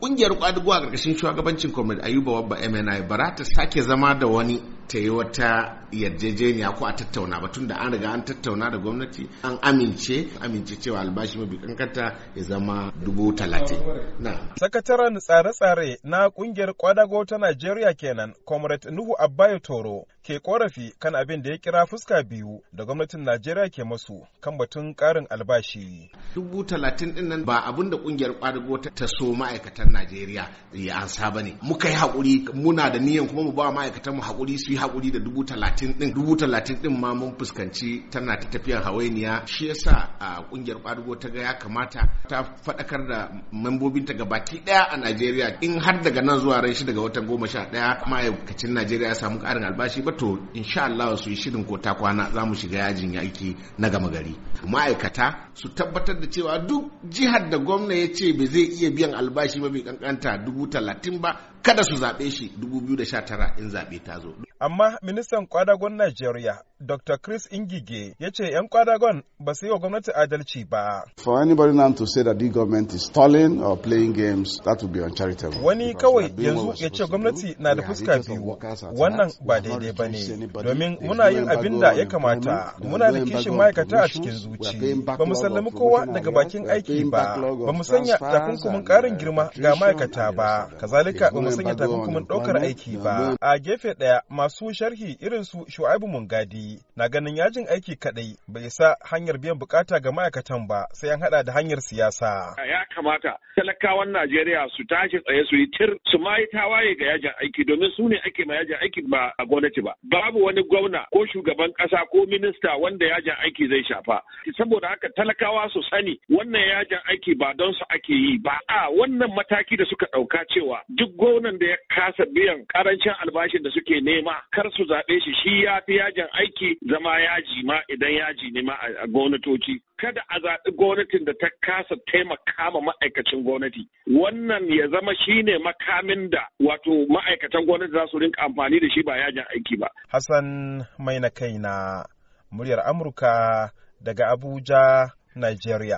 kungiyar kwadugo a ƙarƙashin shugabancin comrade ayuba wabba mni ba ta sake zama da wani ta yi wata yarjejeniya ko a tattauna ba tun da an riga an tattauna da gwamnati an amince amince cewa albashi mafi kankanta ya zama dubu talatin. Sakataren tsare-tsare na kungiyar kwadago ta Najeriya kenan Comrade Nuhu Abbayo Toro ke korafi kan abin da ya kira fuska biyu da gwamnatin Najeriya ke masu kan batun karin albashi. Dubu talatin din nan ba abin da kungiyar kwadago ta so ma'aikatan Najeriya ya ansa ba ne. Muka yi haƙuri muna da niyan kuma mu ba ma'aikatan mu haƙuri su yi hakuri da dubu talatin din dubu talatin din ma mun fuskanci tana ta tafiyar hawainiya shi yasa a ƙungiyar kwadugo ta ga ya kamata ta faɗakar da membobin ta gabaki daya a Najeriya in har daga nan zuwa ran shi daga watan goma sha kuma ma'aikacin Najeriya ya samu karin albashi ba to insha Allah su yi shirin ko ta kwana za mu shiga yajin aiki na gama gari ma'aikata su tabbatar da cewa duk jihar da gwamna ya ce ba zai iya biyan albashi ba bai kankanta dubu talatin ba kada su zaɓe shi 2019 in zaɓe ta zo. Amma ministan kwadagon Najeriya Dr. Chris Ingige ya ce 'yan kwadagon ba su yi wa gwamnati adalci ba. For anybody now to say that the government is stalling or playing games, that would be uncharitable. Wani kawai yanzu ya ce gwamnati na da fuska biyu, wannan ba daidai ba ne, domin muna yin abin da ya kamata, muna da kishin ma'aikata a cikin zuci, ba mu sallami kowa daga bakin aiki ba, ba mu sanya takunkumin ƙarin girma ga ma'aikata ba, kazalika ba mu ko sanya takunkumin ɗaukar aiki ba. A gefe ɗaya masu sharhi irin su Shu'aibu Mungadi na ganin yajin aiki kaɗai bai sa hanyar biyan bukata ga ma'aikatan ba sai an haɗa da hanyar siyasa. Ya kamata talakawan Najeriya su tashi tsaye su yi tir su ma tawaye ga yajin aiki domin su ne ake ma yajin aiki ba a gwamnati ba. Babu wani gwamna ko shugaban ƙasa ko minista wanda yajin aiki zai shafa. Saboda haka talakawa su sani wannan yajin aiki ba don su ake yi ba. A wannan mataki da suka ɗauka cewa duk gwamnan da ya kasa biyan karancin albashin da suke nema kar su zaɓe shi shi ya fi yajin aiki zama yaji ma idan yaji ne a gwamnatoci kada a zaɓi gwamnatin da ta kasa taimaka ma ma'aikacin gwamnati wannan ya zama shine makamin da wato ma'aikatan gwamnati za su rinka amfani da shi ba yajin aiki ba hassan mai na kaina muryar amurka daga abuja nigeria